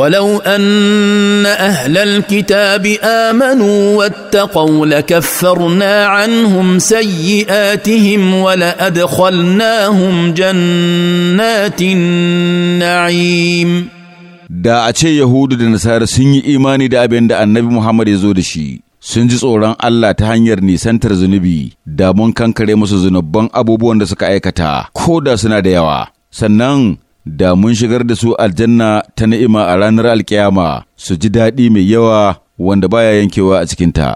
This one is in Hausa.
ولو ان اهل الكتاب امنوا واتقوا لكفرنا عنهم سيئاتهم ولادخلناهم جنات النعيم da a ce yahudu da nasara sun yi imani da abin da annabi muhammad ya zo da shi sun ji tsoron Allah ta hanyar nisantar zunubi da mun kankare musu zunubban abubuwan da suka aikata ko da suna da yawa sannan da mun shigar da su aljanna ta ni'ima a ranar alkiyama su ji daɗi mai yawa wanda baya yankewa a cikinta.